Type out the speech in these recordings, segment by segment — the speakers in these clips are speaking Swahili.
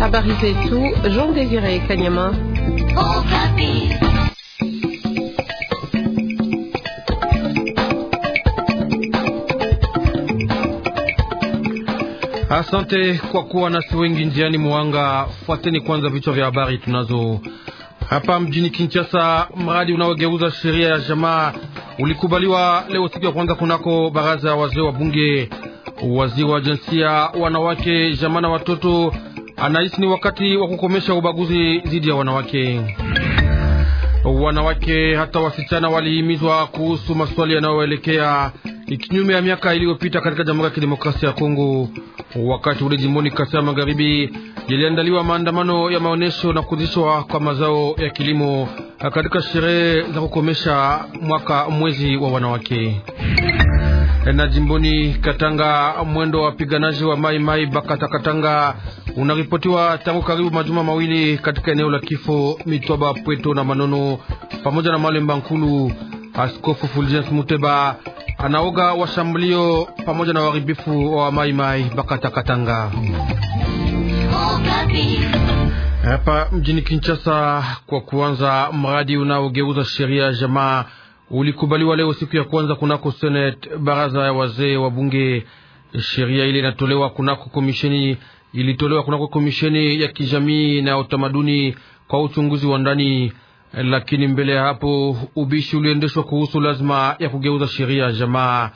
Habari zetu Jean Désiré Kanyama. Asante kwa kuwa nasi wengi njiani mwanga. Fuateni kwanza vichwa vya habari tunazo hapa mjini Kinshasa. Mradi unaogeuza sheria ya jamaa ulikubaliwa leo siku ya kwanza kunako baraza ya wazee wa bunge Waziri wa jinsia, wanawake, jamaa na watoto anahisi ni wakati wa kukomesha ubaguzi dhidi ya wanawake. Wanawake hata wasichana walihimizwa kuhusu maswali yanayoelekea kinyume ya miaka iliyopita katika Jamhuri ya Kidemokrasia ya Kongo. Wakati ule jimboni Kasai Magharibi yaliandaliwa maandamano ya maonyesho na kuzishwa kwa mazao ya kilimo katika sherehe za kukomesha mwaka mwezi wa wanawake. Eh, na jimboni Katanga, mwendo wa wapiganaji wa Mai Mai Bakata Katanga unaripotiwa tangu karibu majuma mawili katika eneo la kifo Mitwaba, Pweto na Manono pamoja na Malemba Nkulu. Askofu Fulgence Muteba anaoga washambulio pamoja na waribifu wa Mai Mai Bakata Katanga. Hapa mjini Kinshasa, kwa kuanza mradi unaogeuza sheria ya jamaa ulikubaliwa leo siku ya kwanza kunako Senate, baraza ya wazee wa bunge. Sheria ile inatolewa kunako komisheni, ilitolewa kunako komisheni ya kijamii na utamaduni kwa uchunguzi wa ndani, lakini mbele ya hapo ubishi uliendeshwa kuhusu lazima ya kugeuza sheria ya jamaa.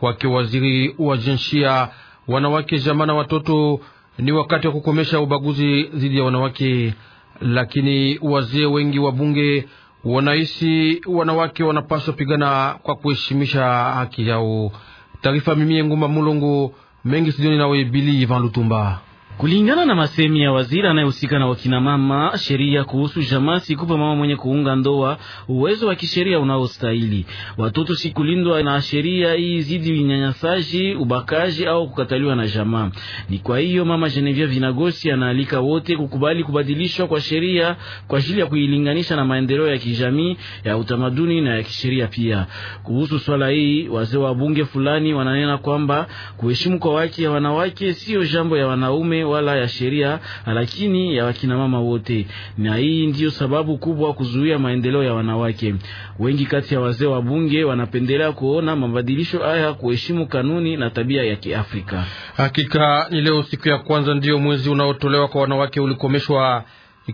Kwake waziri wa jinsia, wanawake, jamaa na watoto, ni wakati wa kukomesha ubaguzi dhidi ya wanawake, lakini wazee wengi wa bunge wanaishi wanawake wanapaswa pigana kwa kuheshimisha haki yao. Taarifa mimie Ngumba Mulungu mengi sijoni nawe Bili Ivan Lutumba. Kulingana na masemi ya waziri anayehusika na wakinamama, sheria kuhusu jamasi sikupa mama mwenye kuunga ndoa uwezo wa kisheria unaostahili. Watoto si kulindwa na sheria hii zidi unyanyasaji, ubakaji au kukataliwa na jamaa. Ni kwa hiyo mama Genevieve Vinagosi anaalika wote kukubali kubadilishwa kwa sheria kwa ajili ya kuilinganisha na maendeleo ya kijamii, ya utamaduni na ya kisheria pia. Kuhusu swala hii, wazee wa bunge fulani wananena kwamba kuheshimu kwa haki ya wanawake siyo jambo ya wanaume wala ya sheria, lakini ya wakina mama wote, na hii ndiyo sababu kubwa kuzuia maendeleo ya wanawake. Wengi kati ya wazee wa bunge wanapendelea kuona mabadilisho haya kuheshimu kanuni na tabia ya Kiafrika. Hakika ni leo siku ya kwanza ndiyo mwezi unaotolewa kwa wanawake ulikomeshwa,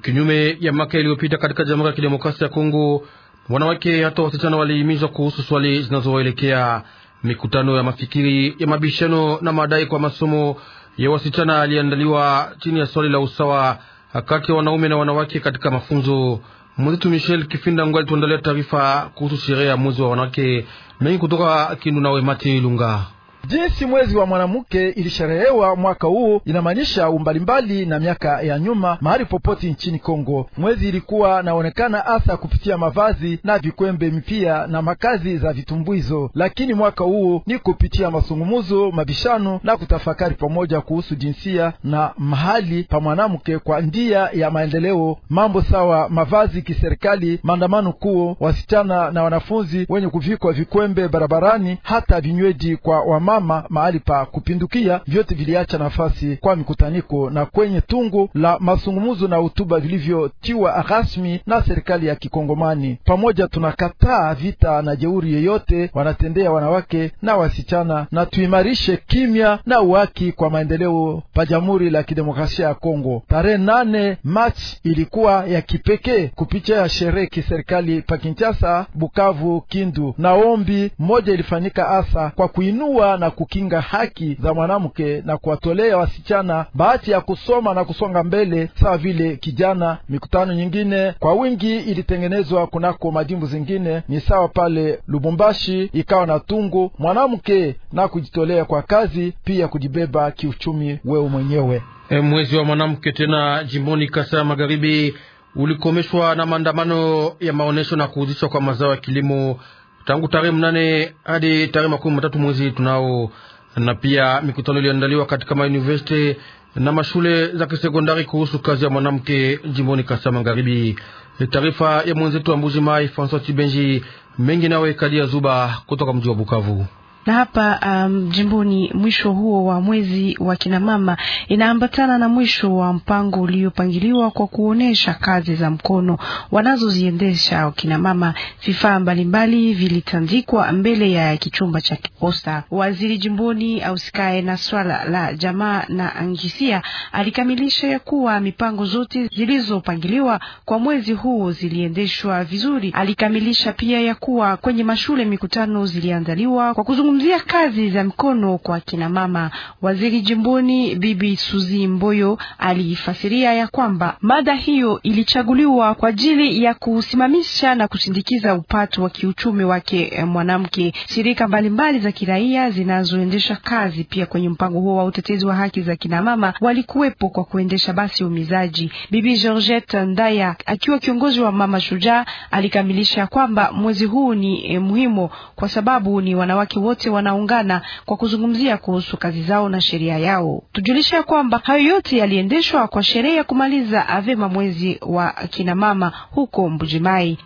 kinyume ya mwaka iliyopita katika Jamhuri ya Kidemokrasia ya Kongo. Wanawake hata wasichana walihimizwa kuhusu swali zinazowaelekea mikutano ya mafikiri ya mabishano na madai kwa masomo ya wasichana aliandaliwa chini ya swali la usawa kati ya wanaume na wanawake katika mafunzo. Mwenzetu Michel Kifinda Ngwali tuandalia taarifa kuhusu sherehe ya mwezi wa wanawake mengi kutoka Kindu Nawe Mati Lunga. Jinsi mwezi wa mwanamke ilisherehewa mwaka huu inamaanisha umbalimbali na miaka ya nyuma, mahali popote nchini Kongo mwezi ilikuwa naonekana hasa kupitia mavazi na vikwembe, mipia na makazi za vitumbwizo, lakini mwaka huu ni kupitia masungumuzo, mabishano na kutafakari pamoja kuhusu jinsia na mahali pa mwanamke kwa njia ya maendeleo, mambo sawa mavazi kiserikali, maandamano kuo, wasichana na wanafunzi wenye kuvikwa vikwembe barabarani, hata vinyweji kwa wama kusimama mahali pa kupindukia, vyote viliacha nafasi kwa mikutaniko na kwenye tungu la masungumuzo na hotuba vilivyotiwa rasmi na serikali ya Kikongomani. Pamoja tunakataa vita na jeuri yeyote wanatendea wanawake na wasichana, na tuimarishe kimya na uhaki kwa maendeleo pa Jamhuri la Kidemokrasia ya Kongo. Tarehe nane Machi ilikuwa ya kipekee kupitia ya sherehe kiserikali pa Kinshasa, Bukavu, Kindu na ombi moja ilifanyika hasa kwa kuinua na kukinga haki za mwanamke na kuwatolea wasichana bahati ya kusoma na kusonga mbele sawa vile kijana. Mikutano nyingine kwa wingi ilitengenezwa kunako majimbo zingine, ni sawa pale Lubumbashi ikawa na tungu mwanamke na kujitolea kwa kazi, pia kujibeba kiuchumi wewe mwenyewe. E, mwezi wa mwanamke tena jimboni Kasai Magharibi ulikomeshwa na maandamano ya maonesho na kuuzishwa kwa mazao ya kilimo tangu tarehe mnane hadi tarehe makumi matatu mwezi tunao, na pia mikutano iliandaliwa katika mauniversity na mashule za kisekondari kuhusu kazi ya mwanamke jimboni kasa Magharibi. Taarifa ya mwenzetu wa Mbuji Mai Francois Chibenji mengi nawe Kadia Zuba kutoka mji wa Bukavu na hapa um, jimboni mwisho huo wa mwezi wa kinamama inaambatana na mwisho wa mpango uliopangiliwa kwa kuonesha kazi za mkono wanazoziendesha wakinamama. Vifaa mbalimbali vilitandikwa mbele ya kichumba cha kiposta Waziri jimboni ausikae na swala la jamaa na angisia alikamilisha ya kuwa mipango zote zilizopangiliwa kwa mwezi huo ziliendeshwa vizuri. Alikamilisha pia ya kuwa kwenye mashule mikutano ziliandaliwa kwa kuzungu kuzungumzia kazi za mkono kwa kina mama, waziri jimboni Bibi Suzi Mboyo alifasiria ya kwamba mada hiyo ilichaguliwa kwa ajili ya kusimamisha na kusindikiza upato wa kiuchumi wake eh, mwanamke. Shirika mbalimbali za kiraia zinazoendesha kazi pia kwenye mpango huo wa utetezi wa haki za kina mama walikuwepo kwa kuendesha basi umizaji. Bibi Georgette Ndaya akiwa kiongozi wa mama shujaa alikamilisha kwamba mwezi huu ni eh, muhimu kwa sababu ni wanawake wote wote wanaungana kwa kuzungumzia kuhusu kazi zao na sheria yao. tujulisha ya kwamba hayo yote yaliendeshwa kwa sherehe ya kumaliza avema mwezi wa kinamama huko Mbujimai.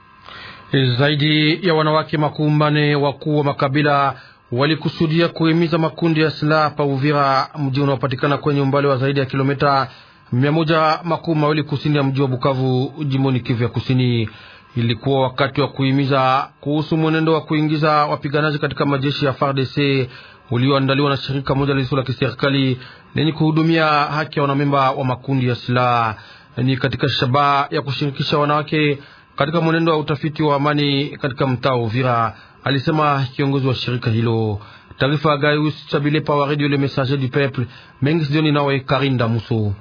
Zaidi ya wanawake makumi manne wakuu wa makabila walikusudia kuhimiza makundi ya silaha pa Uvira, mji unaopatikana kwenye umbali wa zaidi ya kilomita mia moja makumi mawili kusini ya mji wa Bukavu, jimboni Kivu ya Kusini. Ilikuwa wakati wa kuhimiza kuhusu mwenendo wa kuingiza wapiganaji katika majeshi ya FARDC ulioandaliwa na shirika moja lisilo la kiserikali lenye kuhudumia haki ya wanamemba wa makundi ya silaha. Ni katika shabaha ya kushirikisha wanawake katika mwenendo wa utafiti wa amani katika mtaa Uvira, alisema kiongozi wa shirika hilo. Taarifa ya Gaius Chabile wa Radio Le Messager du Peuple mengi sioni nawe Karinda Muso.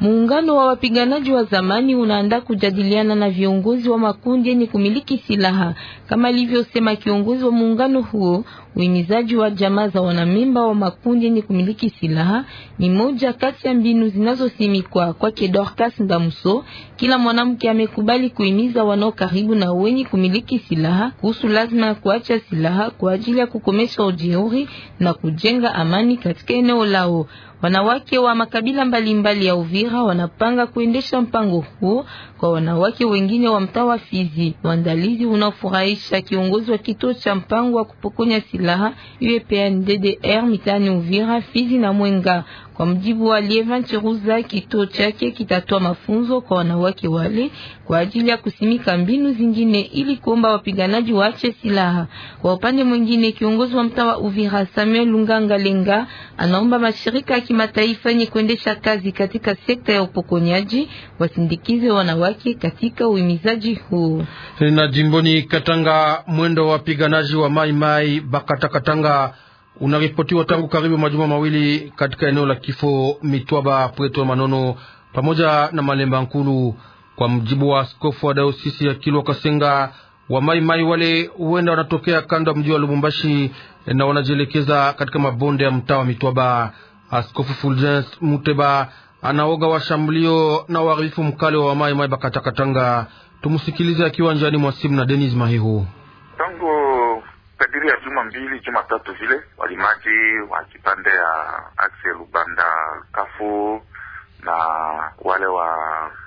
Muungano wa wapiganaji wa zamani unaandaa kujadiliana na viongozi wa makundi yenye kumiliki silaha kama ilivyosema kiongozi wa muungano huo. Uhimizaji wa jamaa za wanamemba wa makundi yenye kumiliki silaha ni moja kati ya mbinu zinazosimikwa kwake Dorcas Ndamso. Kila mwanamke amekubali kuhimiza wanao karibu na wenye kumiliki silaha kuhusu lazima ya kuacha silaha kwa ajili ya kukomesha ujeuri na kujenga amani katika eneo lao. Wanawake wa makabila mbalimbali mbali ya Uvira Uvira wanapanga kuendesha mpango huo kwa wanawake wengine wa mtaa wa Fizi. Uandalizi unafurahisha kiongozi wa kituo cha mpango wa kupokonya silaha UEPNDDR mitaani Uvira, Fizi na Mwenga. Kwa mjibu wa Lievan Cheruza, kituo chake kitatoa mafunzo kwa wanawake wale kwa ajili ya kusimika mbinu zingine ili kuomba wapiganaji waache silaha. Kwa upande mwingine, kiongozi wa mtaa wa Uvira Samuel Lunganga Lenga anaomba mashirika ya kimataifa yenye kuendesha kazi katika sekta ya upokonyaji wasindikize wanawake katika uhimizaji huu. Na jimboni Katanga, mwendo wa wapiganaji wa Mai Mai Bakata Katanga unaripotiwa tangu karibu majuma mawili katika eneo la kifo Mitwaba Pweto Manono pamoja na Malemba Nkulu. Kwa mjibu wa askofu wa dayosisi ya Kilwa Kasenga, wa mai mai wale huenda wanatokea kando ya mji wa Lubumbashi na wanajielekeza katika mabonde ya mtaa wa Mitwaba. Askofu Fulgence Muteba anaoga washambulio na uharibifu mkali wa mai Bakatakatanga. Tumsikilize akiwa njiani mwa simu na Denis Mahihu juma mbili juma tatu vile walimaji wa kipande ya axe Lubanda kafu na wale wa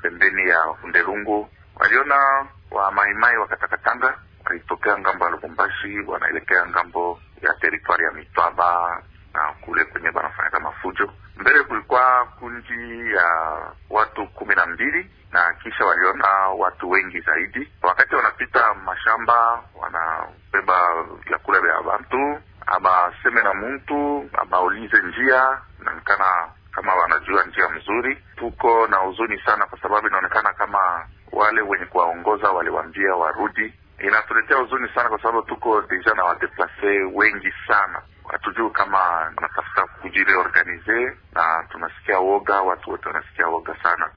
pembeni ya Ndelungu waliona wa maimai wakatakatanga, walitokea ngambo ya Lubumbashi wanaelekea ngambo ya teritwari ya Mitwaba na kule kwenye banafanyaka mafujo mbele kulikuwa kundi ya watu kumi na mbili na kisha waliona watu wengi zaidi. Wakati wanapita mashamba, wanabeba vyakula vya bantu seme na muntu amaulize njia, inaonekana kama wanajua njia mzuri. Tuko na huzuni sana, kwa sababu inaonekana kama wale wenye kuwaongoza waliwambia warudi inatuletea huzuni sana, kwa sababu tuko deja na wadeplase wengi sana, hatujui kama wanatafuta kujireorganize, na tunasikia woga, watu wote wanasikia woga sana.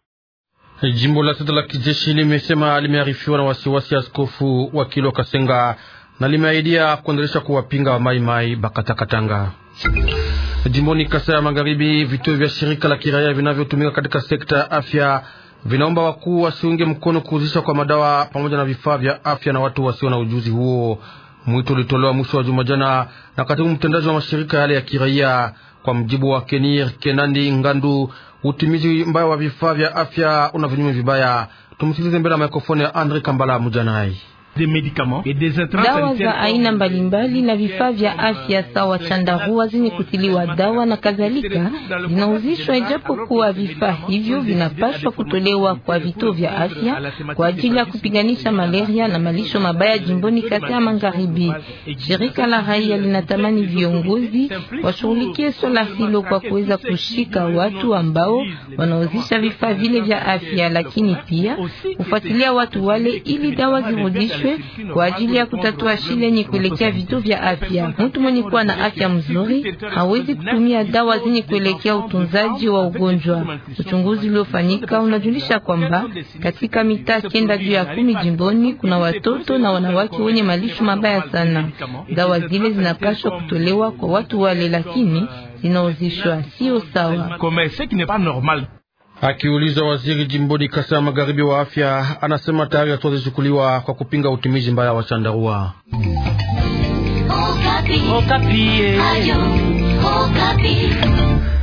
Jimbo la sita la kijeshi limesema limearifiwa na wasiwasi askofu wa Kilo Kasenga na limeahidia kuendelesha kuwapinga Maimai Bakatakatanga. Jimboni kasa ya Magharibi, vituo vya shirika la kiraia vinavyotumika katika sekta ya afya vinaomba wakuu wasiunge mkono kuuzishwa kwa madawa pamoja na vifaa vya afya na watu wasio na ujuzi huo. Mwito ulitolewa mwisho wa juma jana na katibu mtendaji wa mashirika yale ya kiraia. Kwa mjibu wa Kenir Kenandi Ngandu, utimizi mbaya wa vifaa vya afya una vinyume vibaya. Tumsikilize mbele ya mikrofoni ya Andre Kambala Mujanai dawa za aina mbalimbali na vifaa vya afya sawa chandarua zenye kutiliwa dawa na kadhalika zinauzishwa, ijapokuwa vifaa hivyo vinapaswa kutolewa kwa vituo vya afya kwa ajili ya kupiganisha malaria na malisho mabaya jimboni Kasai ya Magharibi. Shirika la raia linatamani viongozi washughulikie swala hilo kwa kuweza kushika watu ambao wanauzisha vifaa vile vya afya, lakini pia kufuatilia watu wale ili dawa zirudishwe ziboreshwe kwa ajili ya kutatua shida yenye kuelekea vituo vya afya. Mtu mwenye kuwa na afya mzuri hawezi kutumia dawa zenye kuelekea utunzaji wa ugonjwa. Uchunguzi uliofanyika unajulisha kwamba katika mitaa kenda juu ya kumi jimboni kuna watoto na wanawake wenye malisho mabaya sana. Dawa zile zinapaswa kutolewa kwa watu wale, lakini zinauzishwa, sio sawa. Akiuliza waziri jimboni Kasa ya magharibi wa afya, anasema tayari hatua zilichukuliwa kwa kupinga utumizi mbaya wa chandarua. Okapi. Okapi. Eh.